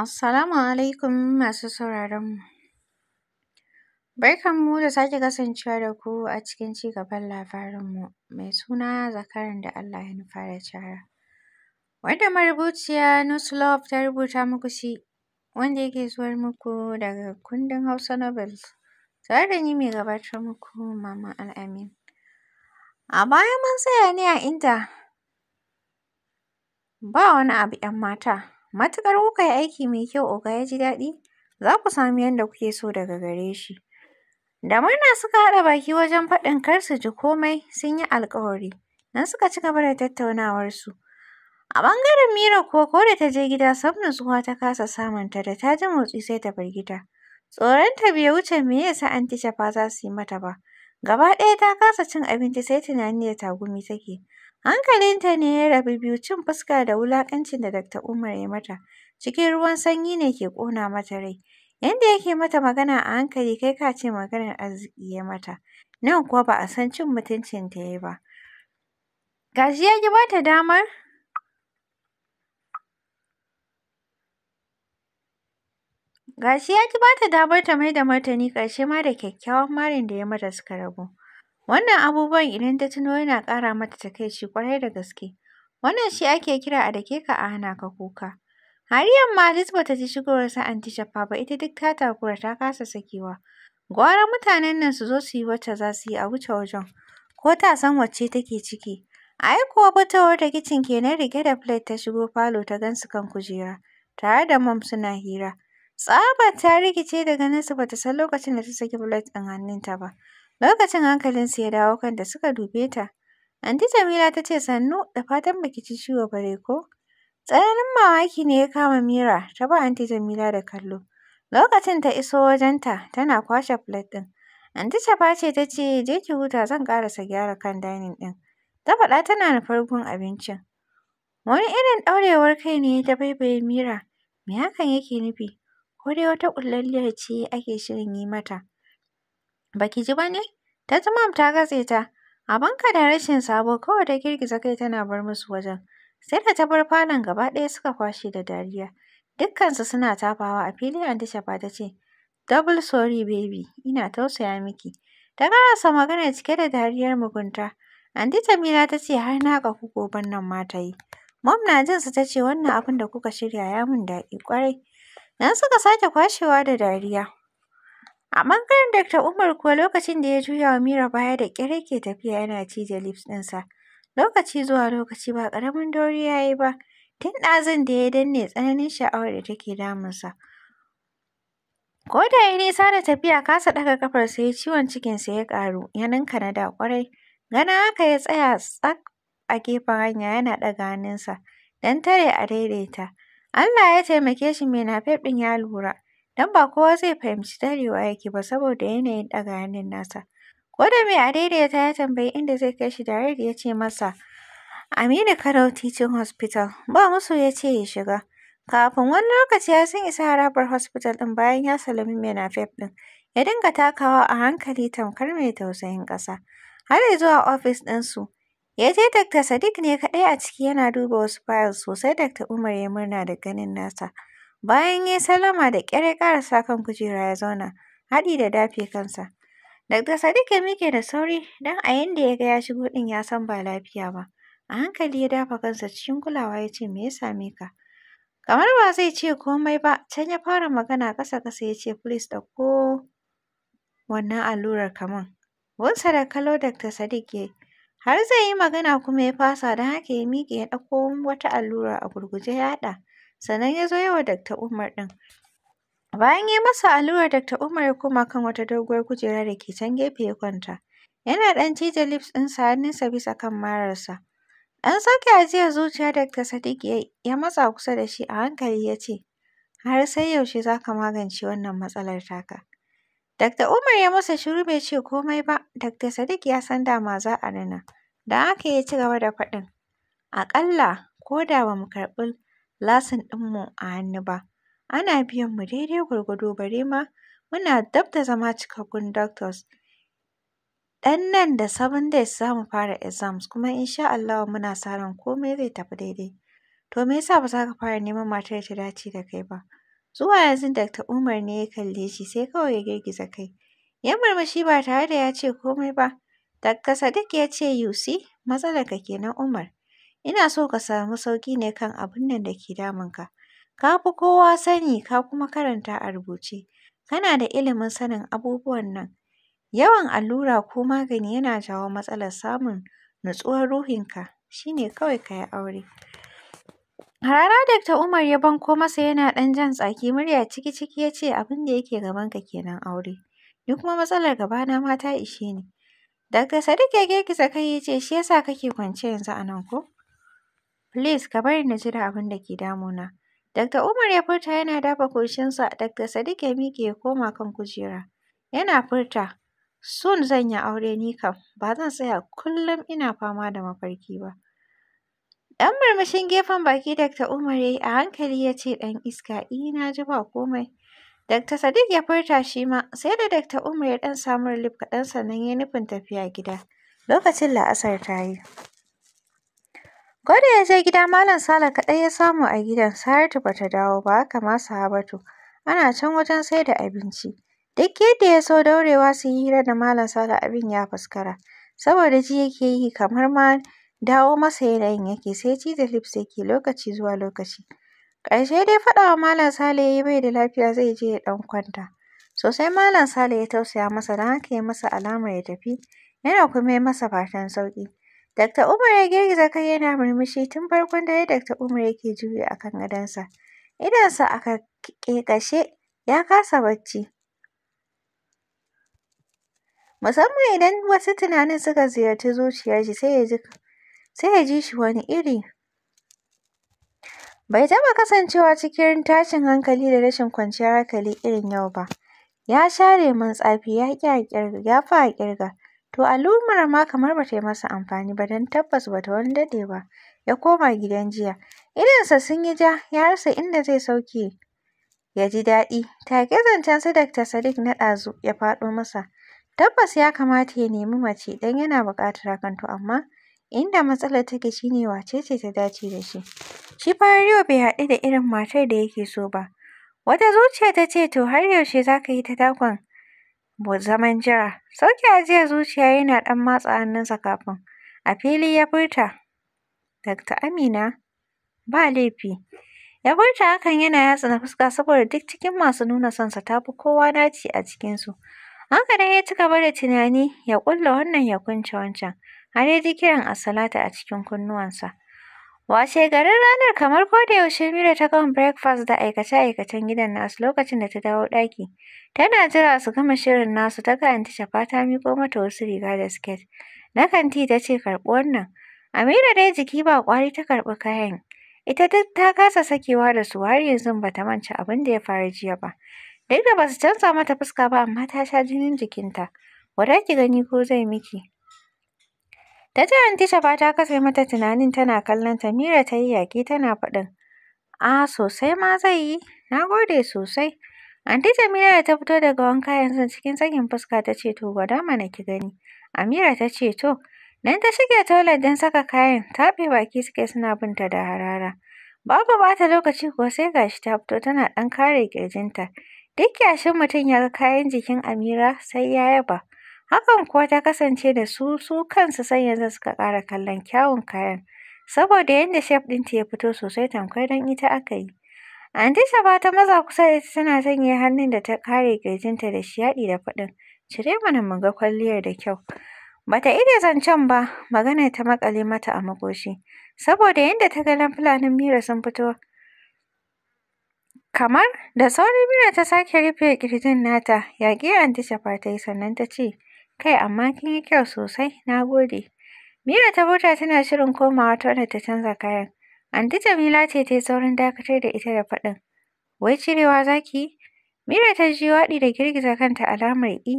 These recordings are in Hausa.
Assalamu alaikum masu sauraron mu. Barkan mu da sake kasancewa da ku a cikin ci gaban labarin mu mai suna zakaran da Allah ya nufa da cara. Wanda marubuciya Nuslof ta rubuta muku shi wanda yake zuwar muku daga kundin Hausa nobel tare da ni mai gabatar muku Al-Amin. A baya mun tsaya ne a inda ba wani abu ‘yan mata Matuƙar kuka yi aiki mai kyau oga ya ji daɗi, za ku sami yadda kuke so daga gare shi. Da murna suka haɗa baki wajen faɗin kar su ji komai sun yi alƙawari. Nan suka ci gaba da tattaunawarsu. A ɓangaren Mira kuwa ko da ta je gida sam nutsuwa ta kasa samunta da ta ji motsi sai ta firgita. Tsoronta bai wuce me ya sa anti Shafa za su yi mata ba. Gaba ɗaya ta kasa cin abinci sai tunani da tagumi take. Hankalinta ne ya rabu biyu, cin fuska da wulakancin da Dr. Umar ya mata cikin ruwan sanyi ne ke ƙona mata rai. Yanda yake mata magana a hankali kai ka ce maganar arziki ya mata, nan kuwa ba a san cin mutuncinta ya yi ba. Ga ya ƙi ta damar Gashi ya ƙi ba ta damar ta mai da martani ƙarshe ma da kyakkyawan marin da ya mata suka rabu. Wannan abubuwan idan ta tuno yana ƙara mata takaici kwarai da gaske. Wannan shi ake kira a dake ka a hana ka kuka. Har yamma Liz bata ta ji shigowar sa Anti ba ita duk ta takura ta kasa sakewa. Gwara mutanen nan su zo su yi wacce za su yi a wuce wajen. Ko ta san wacce take ciki. A Ai kuwa fitowar da kicin kenan rike da plate ta shigo falo ta gansu kan kujera. Tare da mom suna hira. Tsabar ta rikice daga nesa bata san lokacin da ta saki plate ɗin hannun ta ba. Lokacin hankalin hankalinsu ya dawo kan da suka dube ta. Anti Jamila ta ce sannu da fatan baki ji ciwo bare ko? Tsananin mamaki ne ya kama Mira ta ba Anti Jamila da kallo. Lokacin ta iso wajenta tana kwashe plate ɗin. Anti Shafa ce ta ce je ki huta zan ƙarasa gyara kan dining ɗin. Ta faɗa tana nufar farkon abincin. Wani irin ɗaurewar kai ne ta baibaye Mira. Me hakan yake nufi? Ko dai wata ƙullalliyar ce ake shirin yi mata? Baki ji ba ne? Ta ji mam ta gatse ta. Abanka da rashin sabo kawai da girgiza kai tana bar musu wajen. Sai da ta bar falon gaba ɗaya suka kwashe da dariya. Dukkansu suna tafawa a fili ta Shafa ta ce, Double sorry baby, ina tausaya miki. Ta karasa magana cike da dariyar mugunta. Andi Jamila ta ce har na ku goben nan ma ta yi. Mom na jin su ta ce wannan abin da kuka shirya ya mun daɗi ƙwarai. Nan suka sake kwashewa da dariya. A ɓangaren Dr. Umar kuwa lokacin da ya juya wa Mira baya da ƙyar yake tafiya yana cije lips ɗinsa. Lokaci zuwa lokaci ba ƙaramin dauri ya yi ba, tun ɗazun da ya danne tsananin sha'awar da take damunsa. Ko da ya nisa da tafiya kasa ɗaga ƙafar sai ciwon cikinsa ya ƙaru, ya ninka na da ƙwarai. Ganin haka ya tsaya tsak a gefen hanya yana ɗaga hannunsa don tare a daidaita. Allah ya taimake shi mai nafef ɗin ya lura. don ba kowa zai fahimci darewa yake ba saboda yanayin ɗaganin nasa. Ko da mai adaidaita ya tambayi inda zai kai shi Jared ya ce masa Aminu Kano Teaching Hospital, ba musu ya ce ya shiga. Kafin wani lokaci ya sun isa harabar hospital ɗin bayan ya salami fef ɗin. Ya dinga takawa a hankali tamkar mai tausayin ƙasa. Har ya zuwa ofis ɗinsu. Ya je Dr. Sadiq ne kaɗai a ciki yana duba wasu files sosai Dr. Umar ya murna da ganin nasa. Bayan ya salama da ƙyar ya sa kan kujera ya zauna, haɗi da dafe kansa. Dr. Sadiq ya miƙe da sauri don a yanda ya ga ya shigo ɗin ya san ba lafiya ba. A hankali ya dafa kansa cikin kulawa ya ce, me ya same ka? Kamar ba zai ce komai ba, can ya fara magana ƙasa-ƙasa ya ce, please ɗauko wannan allurar kaman. Wansa da kalo, Dr. Sadiq ya Har zai yi magana kuma ya fasa don haka ya miƙe ya ɗauko wata allura a gurguje ya haɗa. sannan ya zo ya wa Dakta Umar ɗin. Bayan ya masa allurar Dakta Umar ya koma kan wata doguwar kujera da ke can gefe ya kwanta. Yana ɗan cije lips ɗinsa hannunsa bisa kan mararsa. Ɗan sauke ajiyar zuciya Dakta Sadiq ya matsa kusa da shi a hankali ya ce, har sai yaushe za ka magance wannan matsalar taka? Dakta Umar ya masa shiru bai ce komai ba, Dakta Sadiq ya san dama za a nuna. Don haka ya ci gaba da faɗin, aƙalla ko da ba mu karɓi lasin mu a hannu ba. Ana biyan mu daidai gwargwado bare ma muna dab da zama cikakkun doctors. Ɗan nan da 7 days za mu fara exams kuma insha Allahu muna sa ran komai zai tafi daidai. To me yasa ba za ka fara neman matar da ta dace da kai ba? Zuwa yanzu Dr. Umar ne ya kalle shi sai kawai ya girgiza kai. Ya murmushi ba tare da ya ce komai ba. Dr. Sadiq ya ce you see matsalar ka kenan Umar. ina so ka samu sauƙi ne kan abin nan da ke damunka. Ka fi kowa sani ka kuma karanta a rubuce. Kana da ilimin sanin abubuwan nan. Yawan allura ko magani yana jawo matsalar samun nutsuwar ruhinka. Shi ne kawai ka yi aure. Rana Dakta Umar ya banko masa yana ɗan jan tsaki murya ciki-ciki ya ce abin da yake ka kenan aure. Ni kuma matsalar gabana ma ta ishe ni. Dakta Sadiq ya girgiza kai ya ce shi ya sa kake kwance yanzu a nan ko? Please ka bari na jira abin da ke damuna. Dr. Umar ya furta yana dafa goshinsa, Dr. Sadiq ya miƙe ya koma kan kujera. Yana furta, sun zan yi aure ni kam, ba zan tsaya kullum ina fama da mafarki ba. Ɗan murmushin gefen baki Dr. Umar ya yi a hankali ya ce ɗan iska, ina eh, na ji ba komai. Dr. Sadiq ya furta shi ma, sai da Dr. Umar ya ɗan samu relief kaɗan sannan ya nufin tafiya gida. Lokacin la'asar ta yi. Ko ya je gida Malam Sale kaɗai ya samu a gidan, Saratu ba ta dawo ba, haka ma Sahabatu. Ana can wajen sai da abinci. Duk yadda ya so daurewa su yi hira da Malam Sale abin ya faskara. Saboda ji yake yi kamar ma dawo masa yanayin yake sai da lips yake lokaci zuwa lokaci. Ƙarshe dai faɗa wa Malam Sale ya yi bai da lafiya zai je ya ɗan kwanta. Sosai Malam Sale ya tausaya masa don haka ya masa alamar ya tafi, yana kuma yi masa fatan sauƙi. Dakta Umar ya girgiza kai yana murmushi tun farkon dare dakta Umar yake juyi a kan gadonsa. Idonsa a ƙeƙashe ya kasa bacci. Musamman idan wasu tunanin suka ziyarci zuciyar shi sai ya ji sai ya ji shi wani iri. Bai taɓa kasancewa cikin tashin hankali da rashin kwanciyar hankali irin yau ba. Ya share mantsafi tsafi ya ƙi ya fi a ƙirga. To al'ummar ma kamar ba ta yi masa amfani ba don tabbas ba ta wani daɗe ba ya koma gidan jiya. Idonsa sun yi ja ya rasa inda zai sauke ya ji daɗi. Take zancen su dr Sadiq na ɗazu ya faɗo masa. Tabbas ya kamata ya nemi mace don yana buƙatar hakan to amma inda matsalar take shi ne wace ce ta dace da shi. Shi fa yau bai haɗu da irin matar da yake so ba. Wata zuciya ta ce to har yaushe za ka yi ta dakon zaman jira. Sauke jiya zuciya yana ɗan matsa hannunsa kafin a fili ya furta, Dakta Amina, ba laifi. Ya furta hakan yana yatsa na fuska saboda duk cikin masu nuna sonsa ta fi kowa naci a cikinsu. Haka dai ya ci gaba da tunani ya ƙulla wannan ya kunce wancan, har ya ji kiran Asalata a cikin kunnuwansa. Washe garin ranar kamar yaushe Mira ta gama breakfast da aikace-aikacen gidan nasu lokacin da ta dawo ɗaki. Tana jira su gama shirin nasu ta ga anti Shafa ta miƙo mata wasu riga da siket. Na kanti ta ce karɓi wannan. Amira dai jiki ba ƙwari ta karɓi kayan. Ita duk ta kasa sakewa da su har yanzu ba ta manta abin da ya faru jiya ba. Duk da ba su canza mata fuska ba amma ta sha jinin jikinta. Gwada ki gani ko zai miki. Da ji anti Shaba ta katse mata tunanin tana kallon ta, Mira ta yi yaƙi tana faɗin, "A sosai ma zai yi, na gode sosai." Anti Jamila ta fito daga wanka yanzu cikin tsakin fuska ta ce, "To gwada mana ki gani." Amira ta ce, "To." Nan ta shige toilet don saka kayan, taɓe baki suke suna bin ta da harara. Babu bata lokaci kuwa sai gashi ta fito tana ɗan kare ƙirjinta. Duk yashin mutum ya ga kayan jikin Amira sai ya yaba. Hakan kuwa ta kasance da su su kansu sai yanzu suka ƙara kallon kyawun kayan, saboda yadda shef ɗinta ya fito sosai tamkar dan ita aka yi. Anti Shaba ta maza kusa da ita tana sanya hannun da ta kare ƙirjinta da shi yaɗi da faɗin, cire mana mu ga kwalliyar da kyau. Bata iya zancen ba, maganar ta maƙale mata a maƙoshi, saboda yadda ta ga fulanin Mira sun fito. Kamar da sauri Mira ta sake rufe ƙirjin nata, yaƙi Anti Shaba ta yi sannan ta ce, Kai amma kin yi kyau sosai, na gode. Mira ta bota tana shirin komawa wadda ta canza kayan. Anti Jamila ce ta yi saurin dakatar da ita da faɗin. Wai cirewa za ki yi? Mira ta ji waɗi da girgiza kanta alamar i.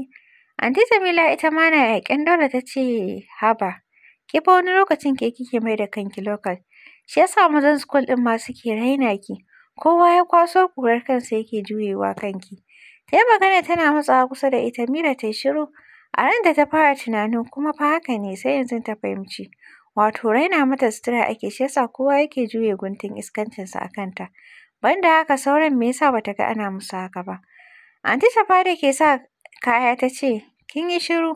Anti Jamila ita ma na yaƙin dole ta ce haba. Ki fa wani lokacin ke kike mai da kanki lokal. Shi ya sa mazan school ɗin masu suke raina ki. Kowa ya kwaso ƙurar kansa yake juyewa kanki. Ta yi magana tana matsawa kusa da ita Mira ta yi shiru. A ran da ta fara tunanin kuma fa haka ne sai yanzu ta fahimci, wato raina mata sutura ake shi yasa kowa yake juya guntun iskancinsa a kanta. Banda haka sauran me yasa bata ga ana musu haka ba? Anti Safa da ke sa kaya ta ce, kin yi shiru.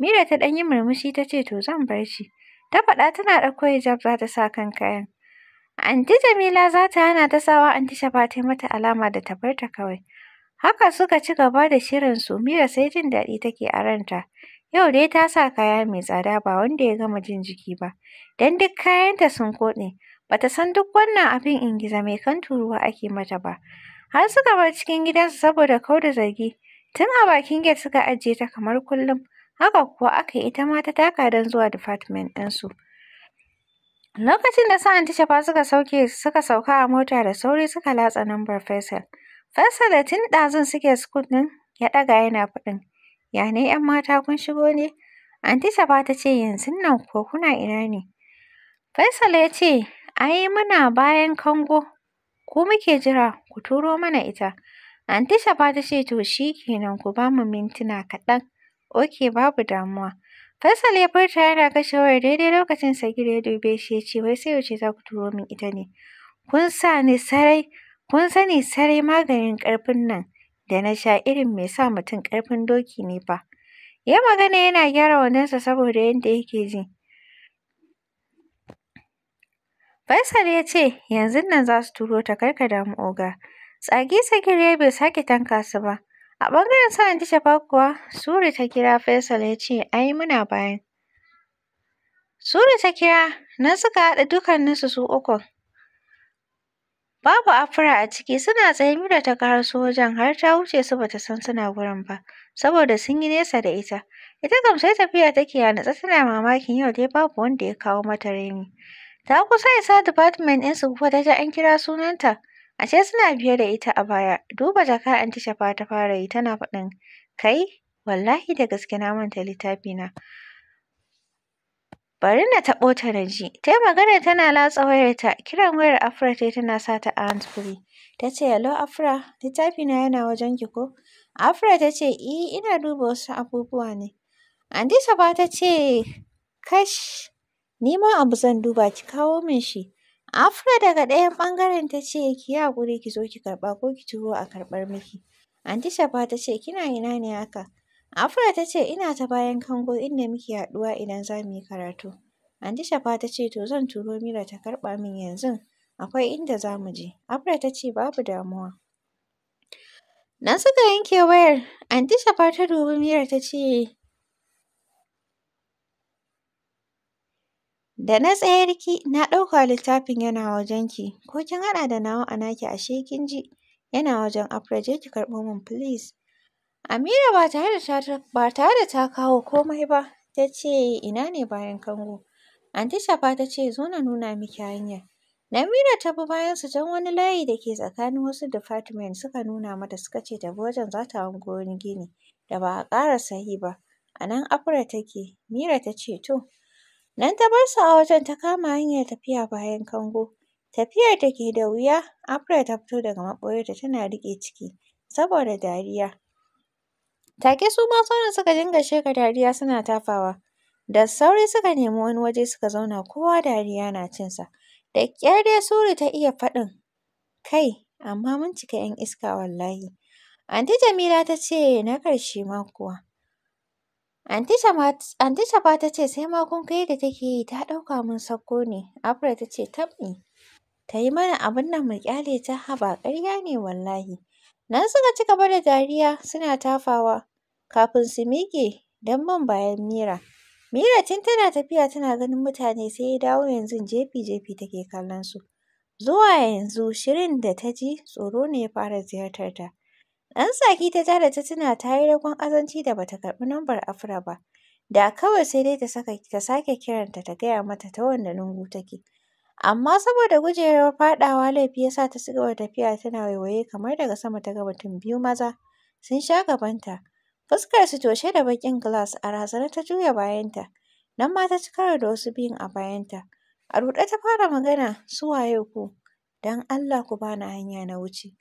Mira ta ɗan yi murmushi ta ce to zan bar shi. Ta faɗa tana ɗauko hijab za ta sa kan kayan. Anti Jamila za ta hana ta sawa Anti Shafa ta yi mata alama da ta bar ta kawai. Haka suka ci gaba da shirinsu, Mira sai jin daɗi take a ranta. Yau dai ta sa kaya mai tsada ba wanda ya gama jin jiki ba, don duk kayanta sun koɗe. Ba ta san duk wannan abin ingiza mai kan turuwa ake mata ba. Har suka bar cikin gidansu saboda kau da zargi. Tun a bakin gate suka ajiye ta kamar kullum, haka kuwa aka yi ita ma ta taka don zuwa department ɗinsu. Lokacin da su tasha Shafa suka sauke suka sauka a mota da sauri suka latsa nambar Faisal. Faisal tun ɗazun suke sukul ɗin ya ɗaga yana faɗin, ya ne ‘yan mata kun shigo ne? Anti Saba ta ce yanzun nan ko kuna ina ne? Faisal ya ce ai muna bayan kango, ku muke jira ku turo mana ita. Anti Saba ta ce to shi kenan ku ba mu mintuna kaɗan, oke babu damuwa. Faisal ya furta yana kashe wayar daidai lokacin Sagir ya dube shi ya ce wai sai yaushe za ku turo min ita ne? Kun sa ni sarai Kun sani sarai maganin ƙarfin nan da na sha irin mai sa mutum ƙarfin doki ne ba. Ya magana yana gyara sa saboda yadda yake ji. Faisal ya ce, yanzu nan za su turo ta kar ka damu oga. Tsagi ya bai sake tanka su ba. A ɓangaren sa ta Shafa kuwa, Suri ta kira Faisal ya ce, ai muna bayan. Suri ta kira, nan suka haɗa dukkaninsu su ukun. Babu Afra a ciki suna tsaye Mira ta karaso wajen har ta wuce su bata san suna gurin ba saboda sun yi nesa da ita. Ita kam sai tafiya take a natsa tana mamakin yau dai babu wanda ya kawo mata raini. Ta kusa isa department ɗin su kuma ta ji an kira sunanta. Ashe suna biye da ita a baya. Duba jaka anti Shafa ta fara yi tana faɗin kai wallahi da gaske na manta littafina. bari na taɓo ta na ji ta yi magana tana latsa wayarta kiran wayar afra ta tana sa ta a free ta ce hello afra littafi na yana wajen ki ko afra ta ce eh ina duba wasu abubuwa ne anti saba ta ce kash ni ma abu zan duba ki kawo min shi afra daga ɗayan ɓangaren ta ce ki yi haƙuri ki zo ki karɓa ko ki turo a karɓar miki anti saba ta ce kina ina ne haka Afra ta ce ina ta bayan kango inda muke haɗuwa idan za mu yi karatu. Anti Shafa ta ce to zan turo Mira ta karɓa min yanzu akwai inda za mu je. Afra ta ce babu damuwa. Nan suka yanke wayar Anti Shafa ta dubi Mira ta ce Da na tsayarki na ɗauka littafin yana wajenki, ko kin haɗa da nawa a naki ashe kin ji, yana wajen Afra je ki karɓo min please. Amira ba tare da ta kawo komai ba ta ce ina ne bayan kango. Anti shafa ta ce zo na nuna miki hanya. Namira ta bi bayansu don wani layi da ke tsakanin wasu department suka nuna mata suka ce tafi wajen za ta hango wani gini da ba a ƙara sahi ba. A nan Afra take, Mira ta ce to. Nan ta bar su a wajen ta kama hanyar tafiya bayan kango. Tafiyar da ke da wuya, Afra ta fito daga maɓoyarta tana riƙe ciki saboda dariya. Take su ma sauran suka dinga sheka dariya suna tafawa. Da sauri suka nemi wani waje suka zauna kowa dariya na cinsa. Da ƙyar dai Suri ta iya faɗin kai amma mun cika 'yan iska wallahi. Anti Jamila ta ce na ƙarshe ma kuwa. Anti Shaba ta ce sai ma kun kai da take yi ta ɗauka mun sauko ne. Afra ta ce tabɗi. Ta yi mana abin nan mu ƙyale ta haba ƙarya ne wallahi. Nan suka ci gaba da dariya suna tafawa kafin su miƙe don bin bayan Mira. Mira tun tana tafiya tana ganin mutane sai ya dawo yanzu jefi-jefi take kallon su. Zuwa yanzu shirin da ta ji tsoro ne ya fara ziyartar ta. Ɗan saki ta ja ta tuna ta yi ragon azanci da bata karɓi lambar Afra ba. Da kawai sai dai ta sake kiranta ta gaya mata ta wanne lungu take. amma saboda gujewa faɗawa laifi ya sa ta gaba da tafiya tana waiwaye kamar daga sama ta ga mutum biyu maza sun sha gabanta fuskarsu toshe da baƙin gilas a razana ta juya bayanta nan ma ta ci karo da wasu biyun a bayanta a ruɗe ta fara magana su waye ku don Allah ku bani hanya na wuce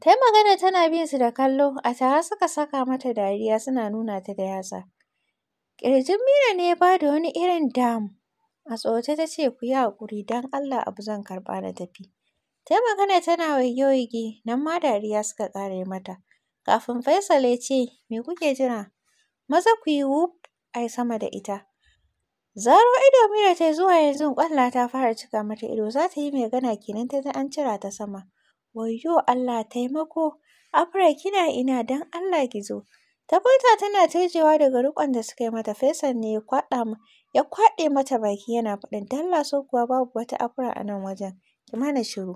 ta yi magana tana bin su da kallo a tare suka saka mata dariya suna nuna ta da yatsa ƙirjin Mira ne ya ba da wani irin dam A tsorace ta ce, ku yi haƙuri don Allah abu zan karɓa na tafi. Ta magana tana waige-waige, nan ma dariya suka ƙare mata. Kafin Faisal ya ce, me kuke jira? Maza ku yi wuf, ai sama da ita. Zaro ido Mira ta yi zuwa yanzu ƙwalla ta fara cika mata ido, za ta yi magana kenan ta ji an cira ta sama. Wayyo Allah taimako, Afra kina ina don Allah ki zo. Ta furta tana turjewa daga riƙon da suka yi mata, fesan ne ya kwaɗe mata baki yana faɗin dalla so kuwa babu wata afura a nan wajen, ki mana shiru.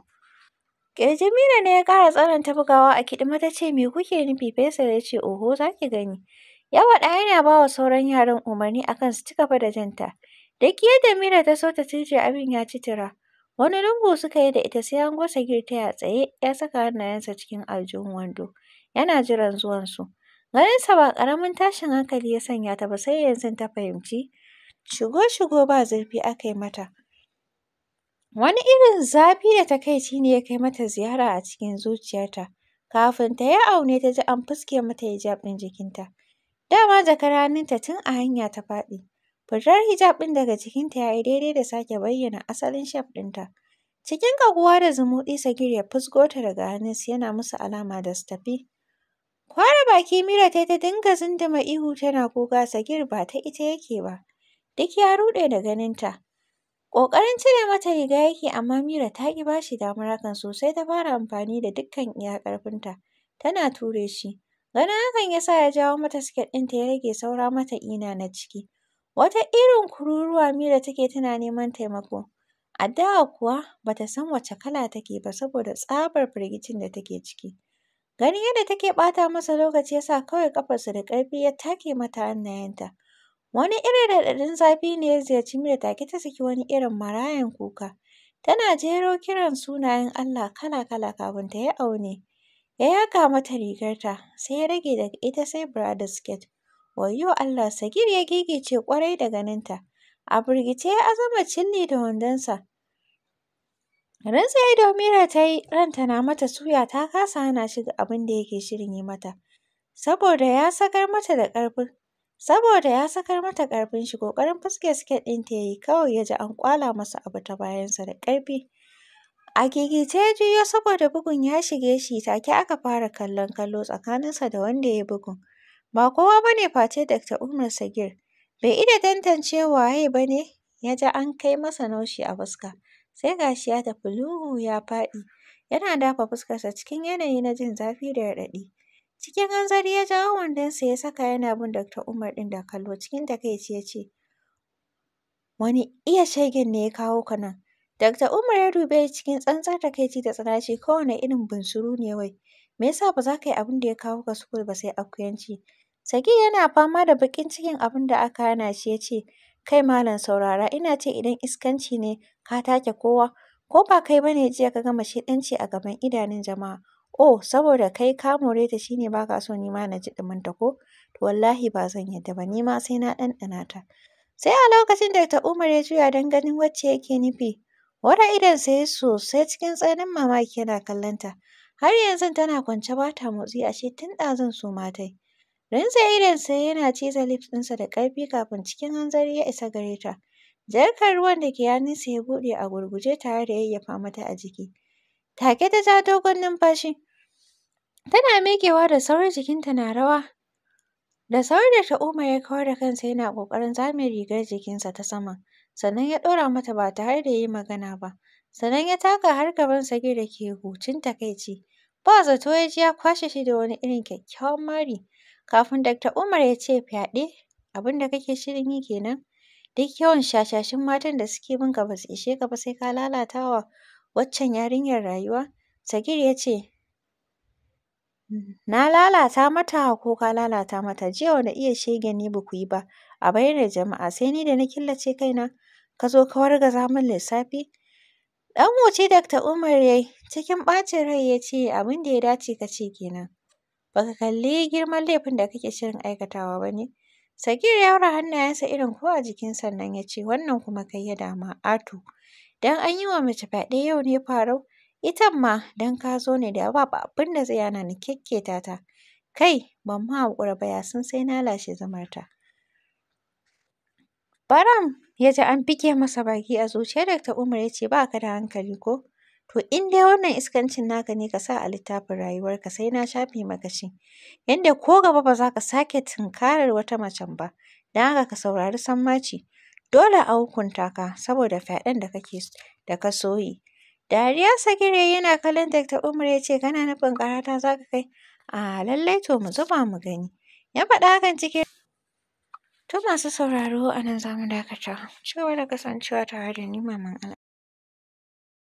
Ƙirjin Mina ne ya ƙara ta bugawa a kiɗi, ta ce me kuke nufi? fesa ya ce oho za ki gani. Ya faɗa yana ba wa sauran yaran umarni a kan su ci gaba da janta. Da ƙi yadda Mina ta so ta turje abin ya ci tura. Wani lungu suka yi da ita sai hango girta ya tsaye ya saka hannayensa cikin aljihun wando yana jiran zuwansu. Ganinsa ba ƙaramin tashin hankali ya sanya ta ba sai yanzu ta fahimci shigo-shigo ba zurfi aka yi mata. Wani irin zafi da takaici ne ya kai mata ziyara a cikin zuciyarta. Kafin ta yi aune ta ji an fuske mata hijab ɗin jikinta. Dama jakar hannunta tun a hanya ta faɗi. Fitar hijab ɗin daga jikinta ya yi daidai da sake bayyana asalin shaf ɗinta. Cikin ƙaguwa da zumuɗi Sagir ya fusgo ta daga hannunsa yana musu alama da su tafi. Kwara baki Mira ta yi ta dinga zindima ihu tana kuka Sagir ba ta ita yake ba. Duk ya ruɗe da ganinta. Ƙoƙarin cire mata riga yake amma Mira ta ƙi ba shi damar hakan sosai ta fara amfani da dukkan iya ƙarfinta. Tana ture shi. Ganin hakan ya sa ya jawo mata siket ɗinta ya rage saura mata ina na ciki. Wata irin kururuwa Mira take tana neman taimako. Addu'a kuwa ba ta san wace kala take ba saboda tsabar firgicin da take ciki. Ganin yadda take ɓata masa lokaci ya sa kawai ƙafarsa da ƙarfi ya take mata hannayenta. Wani irin raɗaɗin zafi ne ya ziyarci da take ta saki wani irin marayan kuka. Tana jero kiran sunayen Allah kala-kala kafin ta yi aune. Ya yaga mata rigarta sai ya rage daga ita sai bra da siket. Wayyo Allah Sagir ya giggice ƙwarai da ganinta. A firgice ya azama cilli da wandonsa. Rantsa da Mira ta yi ranta na mata suya ta kasa hana shi ga abin da yake shirin yi mata. Saboda ya sakar mata da ƙarfin saboda ya sakar mata ƙarfin shi ƙoƙarin fuske siket ɗinta ta yi kawai ya ji an ƙwala masa abu ta bayansa da ƙarfi. A gigice ya juyo saboda bugun ya shige shi take aka fara kallon kallo tsakaninsa da wanda ya bugun. Ba kowa ba ne face Dr. Umar Sagir. Bai iya tantance waye ba ne ya an kai masa naushi a fuska. sai ga shi ya tafi luhu ya faɗi yana dafa fuskarsa cikin yanayi na jin zafi da raɗaɗi cikin hanzari ya jawo wandonsa ya saka yana bin Dr. Umar ɗin da kallo cikin takaici ya ce wani iya shegen ne ya kawo ka nan Dr. Umar ya dube cikin tsantsar takaici da tsana ce, kowane irin bunsuru ne wai me yasa ba za ka yi abin da ya kawo ka sukul ba sai akuyanci Sagir yana fama da baƙin cikin abin da aka hana shi ya ce Kai malam saurara ina ce idan iskanci ne ka take kowa, ko ba kai ba ne jiya ka gama sheɗanci a gaban idanun jama'a. Oh saboda kai ka more ta shine baka so ni na ji ɗuminta ko? To wallahi ba zan yadda ba nima sai na ɗanɗana ta. Sai a lokacin da ta Umar ya juya don ganin wacce yake nufi. Wara idon sai sosai cikin tsananin mamaki yana kallon ta. Har yanzu tana kwance bata ta motsi ashe tun ɗazun su so idon idonsa yana ciza lips ɗinsa da ƙarfi kafin cikin hanzari ya isa gare ta. Jarkar ruwan da ke hannunsa ya buɗe a gurguje tare da yayyafa mata a jiki. Take ta ja dogon numfashi. Tana miƙewa da sauri jikinta na rawa. Da sauri da umma ya kawar da kansa yana ƙoƙarin zame rigar jikinsa ta sama. Sannan ya ɗora mata ba ta tare da yi magana ba. Sannan ya taka har gaban Sagir da ke hucin takaici. Ba zato ya ji ya kwashe shi da wani irin kyakkyawan mari. Kafin Dr. Umar ya ce fyaɗe abin da kake shirin yi kenan, duk yawan shashashin matan da suke bin ba su ishe ka ba sai ka lalata wa waccan yarinyar rayuwa. Sagir ya ce, Na lalata mata ko ka lalata mata, jiya wani iya shege ne ba ku yi ba a bayyana jama'a sai ni da na killace kaina, ka zo ka wargaza min lissafi. Ɗan wuce, Dr. Umar ya yi cikin ɓacin rai ya ce abin da ya dace ka ce kenan. baka kalli girman laifin da kake shirin aikatawa ba ne. Sagir ya ware hannayensa irin ko a jikin sannan ya ce wannan kuma kai ya dama ato. Dan an yi wa mace fyaɗe yau ne farau, itan ma dan ka zo ne da babu abin da zai hana ni kyakketa ta. Kai ban ma haƙura ba ya sun sai na lashe zamarta. Baram ya ji an fike masa baki a zuciya Dakta Umar ya ce ba ka da hankali ko? To in dai wannan iskancin naka ne ka sa a littafin rayuwarka sai na shafe maka shi. Yanda ko gaba ba za ka sake tunkarar wata macen ba. Don haka ka saurari sammaci. Dole a hukunta ka saboda fyaɗen da kake da ka so yi. Dariya Sagire yana kallon dakta Umar ya ce kana nufin ƙarata za ka kai? A lallai to mu zuba mu gani. Ya faɗa hakan cikin To masu sauraro a nan za mu dakata. Ci gaba da kasancewa tare da ni Maman